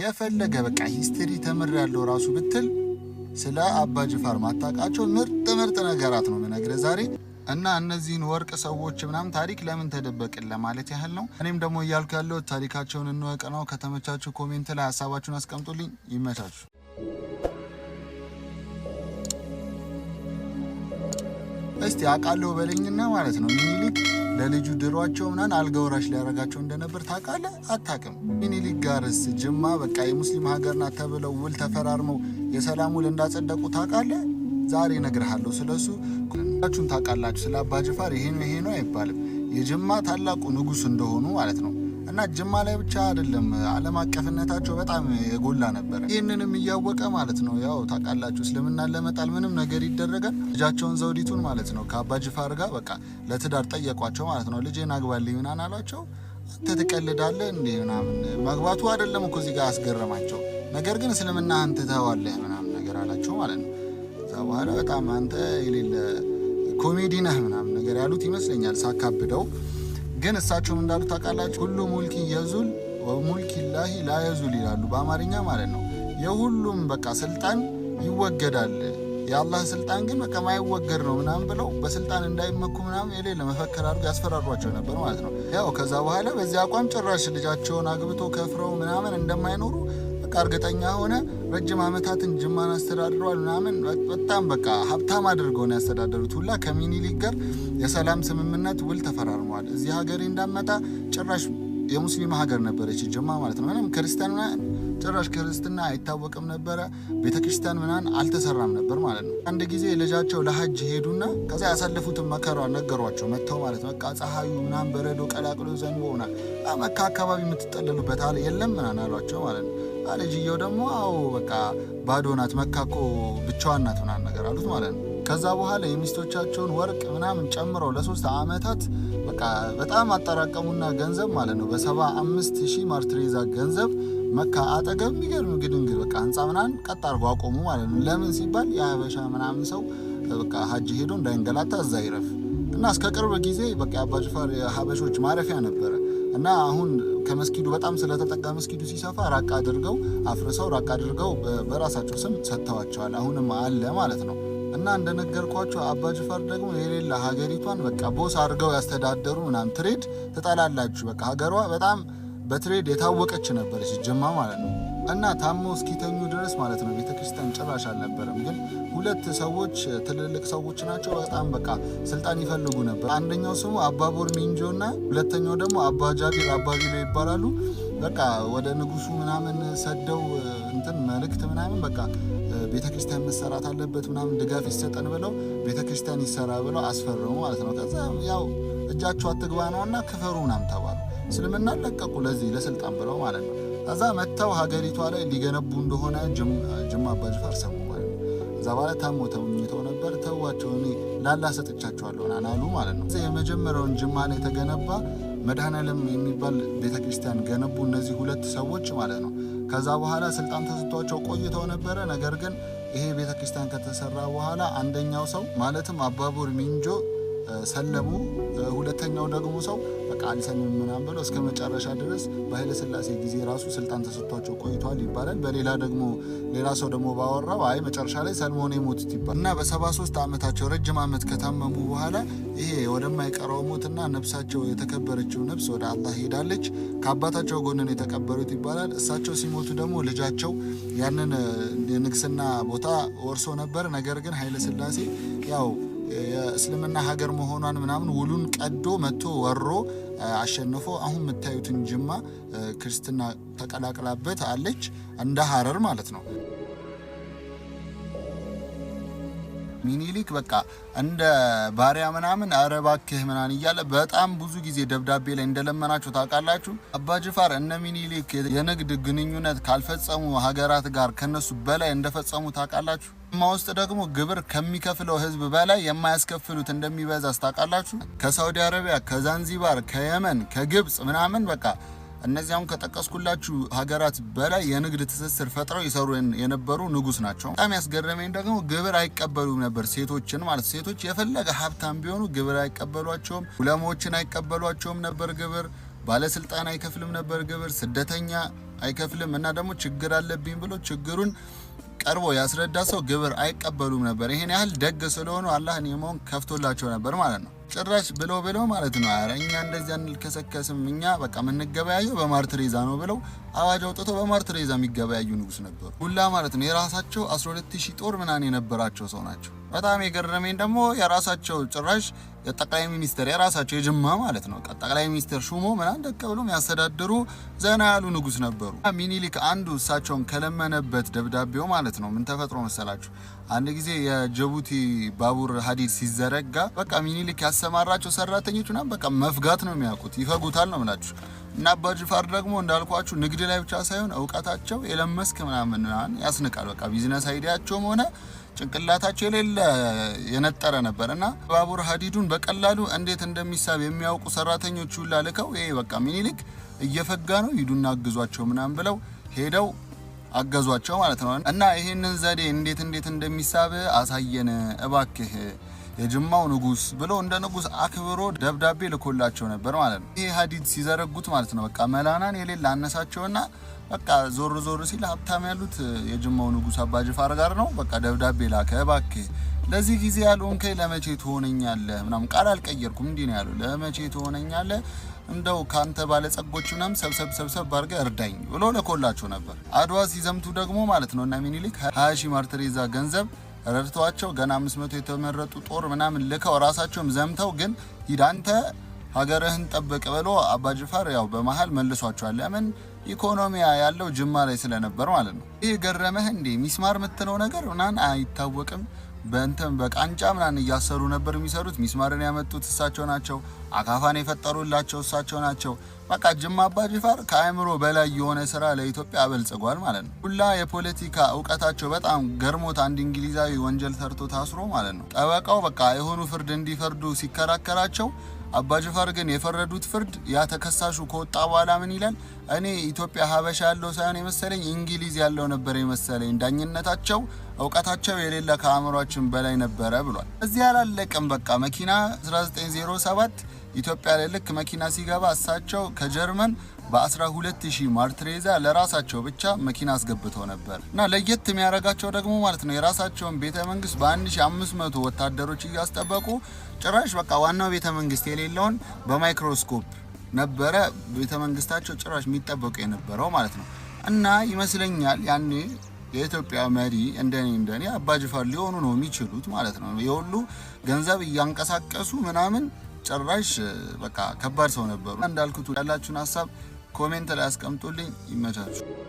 የፈለገ በቃ ሂስትሪ ተምር ያለው ራሱ ብትል ስለ አባ ጅፋር ማታቃቸው ምርጥ ምርጥ ነገራት ነው ምነግረ ዛሬ እና እነዚህን ወርቅ ሰዎች ምናምን ታሪክ ለምን ተደበቅን ለማለት ያህል ነው። እኔም ደግሞ እያልኩ ያለሁት ታሪካቸውን እንወቅ ነው። ከተመቻችሁ ኮሜንት ላይ ሀሳባችሁን አስቀምጡልኝ። ይመቻችሁ። እስቲ አውቃለሁ በለኝና ማለት ነው ሚኒሊክ ለልጁ ድሯቸው ምናን አልጋ ወራሽ እንደነበር ታውቃለህ አታውቅም? ሚኒሊክ ጋርስ ጅማ በቃ የሙስሊም ሀገር ናት ተብለው ውል ተፈራርመው የሰላም ውል እንዳጸደቁ ታውቃለህ? ዛሬ እነግርሃለሁ ስለሱ። ሁላችሁም ታውቃላችሁ ስለ አባ ጅፋር ይሄ ነው ይሄ ነው አይባልም። የጅማ ታላቁ ንጉስ እንደሆኑ ማለት ነው እና ጅማ ላይ ብቻ አይደለም፣ ዓለም አቀፍነታቸው በጣም የጎላ ነበረ። ይህንንም እያወቀ ማለት ነው ያው ታውቃላችሁ፣ እስልምናን ለመጣል ምንም ነገር ይደረጋል። ልጃቸውን ዘውዲቱን ማለት ነው ከአባ ጅፋር ጋር በቃ ለትዳር ጠየቋቸው ማለት ነው። ልጄን አግባልኝ ምናምን አሏቸው። አንተ ትቀልዳለህ እንዴ ምናምን መግባቱ አይደለም እኮ እዚህ ጋር አስገረማቸው። ነገር ግን እስልምና አንተ ትተዋለህ ምናምን ነገር አላቸው ማለት ነው። እዛ በኋላ በጣም አንተ የሌለ ኮሜዲ ነህ ምናምን ነገር ያሉት ይመስለኛል ሳካብደው ግን እሳቸውም እንዳሉ ታውቃላችሁ ሁሉ ሙልኪ የዙል ሙልኪ ላሂ ላየዙል ይላሉ በአማርኛ ማለት ነው። የሁሉም በቃ ስልጣን ይወገዳል፣ የአላህ ስልጣን ግን በቃ ማይወገድ ነው ምናምን ብለው በስልጣን እንዳይመኩ ምናምን የሌለ መፈክር አድርገው ያስፈራሯቸው ነበር ማለት ነው። ያው ከዛ በኋላ በዚህ አቋም ጭራሽ ልጃቸውን አግብቶ ከፍረው ምናምን እንደማይኖሩ በቃ እርግጠኛ ሆነ። ረጅም ዓመታትን ጅማን አስተዳድረዋል ምናምን በጣም በቃ ሀብታም አድርገውን ያስተዳደሩት ሁላ ከሚኒሊክ ጋር የሰላም ስምምነት ውል ተፈራርመዋል። እዚህ ሀገሬ እንዳመጣ ጭራሽ የሙስሊም ሀገር ነበረች ጅማ ማለት ነው። ምንም ክርስቲያንና ጭራሽ ክርስትና አይታወቅም ነበረ። ቤተክርስቲያን ምናን አልተሰራም ነበር ማለት ነው። አንድ ጊዜ ልጃቸው ለሀጅ ሄዱና ከዛ ያሳለፉትን መከራ ነገሯቸው መጥተው ማለት በቃ ፀሐዩ ምናን በረዶ ቀላቅሎ ዘንቦ ሆና መካ አካባቢ የምትጠለሉበት የለም ምናን አሏቸው ማለት ነው። ልጅየው ደግሞ አዎ በቃ ባዶ ናት መካኮ ብቻዋን ናት ምናምን ነገር አሉት ማለት ነው። ከዛ በኋላ የሚስቶቻቸውን ወርቅ ምናምን ጨምረው ለሶስት ዓመታት በቃ በጣም አጠራቀሙና ገንዘብ ማለት ነው በሰባ አምስት ሺህ ማርትሬዛ ገንዘብ መካ አጠገብ የሚገርም ግድንግድ በቃ ህንፃ ምናምን ቀጥ አድርጎ አቆሙ ማለት ነው። ለምን ሲባል የሀበሻ ምናምን ሰው በቃ ሀጅ ሄዶ እንዳይንገላታ እዛ ይረፍ እና እስከ ቅርብ ጊዜ በቃ አባ የሀበሾች ማረፊያ ነበረ። እና አሁን ከመስጊዱ በጣም ስለተጠቃ መስጊዱ ሲሰፋ ራቅ አድርገው አፍርሰው ራቅ አድርገው በራሳቸው ስም ሰጥተዋቸዋል። አሁንም አለ ማለት ነው። እና እንደነገርኳቸው አባጅፋር ደግሞ የሌላ ሀገሪቷን በቃ ቦስ አድርገው ያስተዳደሩ ምናምን ትሬድ ትጠላላችሁ። በቃ ሀገሯ በጣም በትሬድ የታወቀች ነበረች ጅማ ማለት ነው። እና ታሞ እስኪተኙ ድረስ ማለት ነው ቤተክርስቲያን ጭራሽ አልነበረም። ግን ሁለት ሰዎች ትልልቅ ሰዎች ናቸው። በጣም በቃ ስልጣን ይፈልጉ ነበር። አንደኛው ስሙ አባቦር ሚንጆ እና ሁለተኛው ደግሞ አባ ጃቢር አባ ቢሎ ይባላሉ። በቃ ወደ ንጉሱ ምናምን ሰደው እንትን መልእክት ምናምን በቃ ቤተክርስቲያን መሰራት አለበት ምናምን ድጋፍ ይሰጠን ብለው ቤተክርስቲያን ይሰራ ብለው አስፈረሙ ማለት ነው። ከዛ ያው እጃቸው አትግባ ነውና ክፈሩ ምናምን ተባሉ። እስልምና ለቀቁ ለዚህ ለስልጣን ብለው ማለት ነው። እዛ መጥተው ሀገሪቷ ላይ ሊገነቡ እንደሆነ ጅማ አባጅፋር ሰሙ ማለት ነው። እዛ ባለ ታሞ ተኝተው ነበር። ተዋቸው እኔ ላላ ሰጥቻቸዋለሁ ናናሉ ማለት ነው። የመጀመሪያውን ጅማ ላይ የተገነባ መድኃኔዓለም የሚባል ቤተክርስቲያን ገነቡ እነዚህ ሁለት ሰዎች ማለት ነው። ከዛ በኋላ ስልጣን ተሰጥቷቸው ቆይተው ነበረ። ነገር ግን ይሄ ቤተክርስቲያን ከተሰራ በኋላ አንደኛው ሰው ማለትም አባቡር ሚንጆ ሰለሙ። ሁለተኛው ደግሞ ሰው በቃ አልሰልም ምናምን ብለው እስከ መጨረሻ ድረስ በኃይለ ሥላሴ ጊዜ ራሱ ስልጣን ተሰጥቷቸው ቆይቷል ይባላል። በሌላ ደግሞ ሌላ ሰው ደግሞ ባወራው አይ መጨረሻ ላይ ሰልሞን የሞቱት ይባላል እና በሰባ ሶስት ዓመታቸው ረጅም ዓመት ከታመሙ በኋላ ይሄ ወደማይቀረው ሞትና ነፍሳቸው የተከበረችው ነፍስ ወደ አላህ ሄዳለች። ከአባታቸው ጎንን የተቀበሩት ይባላል። እሳቸው ሲሞቱ ደግሞ ልጃቸው ያንን የንግስና ቦታ ወርሶ ነበር። ነገር ግን ኃይለ ሥላሴ ያው የእስልምና ሀገር መሆኗን ምናምን ውሉን ቀዶ መጥቶ ወሮ አሸንፎ አሁን የምታዩትን ጅማ ክርስትና ተቀላቅላበት አለች እንደ ሀረር ማለት ነው። ሚኒሊክ በቃ እንደ ባሪያ ምናምን ኧረ እባክህ ምናምን እያለ በጣም ብዙ ጊዜ ደብዳቤ ላይ እንደለመናችሁ ታውቃላችሁ። አባ ጅፋር እነ ሚኒሊክ የንግድ ግንኙነት ካልፈጸሙ ሀገራት ጋር ከነሱ በላይ እንደፈጸሙ ታውቃላችሁ። ማ ውስጥ ደግሞ ግብር ከሚከፍለው ህዝብ በላይ የማያስከፍሉት እንደሚበዛ አስታውቃላችሁ። ከሳውዲ አረቢያ፣ ከዛንዚባር፣ ከየመን፣ ከግብፅ ምናምን በቃ እነዚያም ከጠቀስኩላችሁ ሀገራት በላይ የንግድ ትስስር ፈጥረው ይሰሩ የነበሩ ንጉስ ናቸው። በጣም ያስገረመኝ ደግሞ ግብር አይቀበሉም ነበር፣ ሴቶችን ማለት ሴቶች የፈለገ ሀብታም ቢሆኑ ግብር አይቀበሏቸውም። ዑለሞችን አይቀበሏቸውም ነበር ግብር። ባለስልጣን አይከፍልም ነበር ግብር። ስደተኛ አይከፍልም እና ደግሞ ችግር አለብኝ ብሎ ችግሩን ቀርቦ ያስረዳ ሰው ግብር አይቀበሉም ነበር። ይሄን ያህል ደግ ስለሆኑ አላህ ኒዕማውን ከፍቶላቸው ነበር ማለት ነው። ጭራሽ ብለው ብለው ማለት ነው። አረኛ እኛ እንደዚያ እንልከሰከስም እኛ በቃ የምንገበያየው በማር ትሬዛ ነው ብለው አዋጅ አውጥቶ በማር ትሬዛ የሚገበያዩ ንጉስ ነበሩ። ሁላ ማለት ነው የራሳቸው 12 ሺህ ጦር ምናምን የነበራቸው ሰው ናቸው። በጣም የገረመኝ ደግሞ የራሳቸው ጭራሽ የጠቅላይ ሚኒስትር የራሳቸው የጅማ ማለት ነው ጠቅላይ ሚኒስትር ሹሞ ምናምን ደቀ ብሎ ያስተዳድሩ ዘና ያሉ ንጉስ ነበሩ። ሚኒሊክ አንዱ እሳቸውን ከለመነበት ደብዳቤው ማለት ነው ምን ተፈጥሮ መሰላችሁ? አንድ ጊዜ የጅቡቲ ባቡር ሀዲድ ሲዘረጋ በቃ ሚኒሊክ ያሰማራቸው ሰራተኞች ምናምን በቃ መፍጋት ነው የሚያውቁት፣ ይፈጉታል ነው ምላችሁ። እና አባጅፋር ደግሞ እንዳልኳችሁ ንግድ ላይ ብቻ ሳይሆን እውቀታቸው የለመስክ ምናምን ያስንቃል። በቃ ቢዝነስ አይዲያቸውም ሆነ ጭንቅላታቸው የሌለ የነጠረ ነበር እና ባቡር ሀዲዱን በቀላሉ እንዴት እንደሚሳብ የሚያውቁ ሰራተኞች ሁላ ልከው ይሄ በቃ ሚኒሊክ እየፈጋ ነው ሂዱና አግዟቸው ምናምን ብለው ሄደው አገዟቸው ማለት ነው። እና ይህንን ዘዴ እንዴት እንዴት እንደሚሳብ አሳየን እባክህ የጅማው ንጉስ ብሎ እንደ ንጉስ አክብሮ ደብዳቤ ልኮላቸው ነበር ማለት ነው። ይህ ሀዲድ ሲዘረጉት ማለት ነው በቃ መላናን የሌለ አነሳቸውና በቃ ዞር ዞር ሲል ሀብታም ያሉት የጅማው ንጉስ አባጅፋር ጋር ነው። በቃ ደብዳቤ ላከ። እባክህ ለዚህ ጊዜ ያልሆንከኝ ለመቼ ትሆነኛለህ? ምናምን ቃል አልቀየርኩም፣ እንዲህ ነው ያለው። ለመቼ ትሆነኛለህ? እንደው ከአንተ ባለጸጎች ምናምን ሰብሰብ ሰብሰብ ባርገ እርዳኝ ብሎ ለኮላቸው ነበር። አድዋ ሲዘምቱ ደግሞ ማለት ነው እና ሚኒሊክ ሀያ ሺህ ማርትሬዛ ገንዘብ ረድተዋቸው ገና 500 የተመረጡ ጦር ምናምን ልከው ራሳቸውም ዘምተው ግን ሂድ አንተ ሀገርህን ጠብቅ ብሎ አባጅፋር ያው በመሀል መልሷቸዋል። ለምን ኢኮኖሚያ ያለው ጅማ ላይ ስለነበር ማለት ነው። ይህ ገረመህ እንዴ? ሚስማር የምትለው ነገር ምናምን አይታወቅም። በእንተን በቃንጫ ምናምን እያሰሩ ነበር የሚሰሩት። ሚስማርን ያመጡት እሳቸው ናቸው። አካፋን የፈጠሩላቸው እሳቸው ናቸው። በቃ ጅማ አባጅፋር ከአእምሮ በላይ የሆነ ስራ ለኢትዮጵያ አበልጽጓል ማለት ነው። ሁላ የፖለቲካ እውቀታቸው በጣም ገርሞት አንድ እንግሊዛዊ ወንጀል ሰርቶ ታስሮ ማለት ነው ጠበቃው በቃ የሆኑ ፍርድ እንዲፈርዱ ሲከራከራቸው አባ ጀፋር ግን የፈረዱት ፍርድ ያ ተከሳሹ ከወጣ በኋላ ምን ይላል? እኔ ኢትዮጵያ ሀበሻ ያለው ሳይሆን የመሰለኝ እንግሊዝ ያለው ነበር የመሰለኝ፣ ዳኝነታቸው እውቀታቸው የሌለ ከአእምሯችን በላይ ነበረ ብሏል። እዚህ አላለቅም። በቃ መኪና 1907 ኢትዮጵያ ላይ ልክ መኪና ሲገባ እሳቸው ከጀርመን በ12000 ማርትሬዛ ለራሳቸው ብቻ መኪና አስገብተው ነበር እና ለየት የሚያደርጋቸው ደግሞ ማለት ነው የራሳቸውን ቤተ መንግስት በ1500 ወታደሮች እያስጠበቁ ጭራሽ በቃ ዋናው ቤተ መንግስት የሌለውን በማይክሮስኮፕ ነበረ ቤተ መንግስታቸው ጭራሽ የሚጠበቁ የነበረው ማለት ነው እና ይመስለኛል ያኔ የኢትዮጵያ መሪ እንደኔ እንደኔ አባጅፋር ሊሆኑ ነው የሚችሉት ማለት ነው። የሁሉ ገንዘብ እያንቀሳቀሱ ምናምን ጭራሽ በቃ ከባድ ሰው ነበሩ። እንዳልኩት ያላችሁን ሀሳብ ኮሜንት ላይ አስቀምጡልኝ። ይመቻችሁ።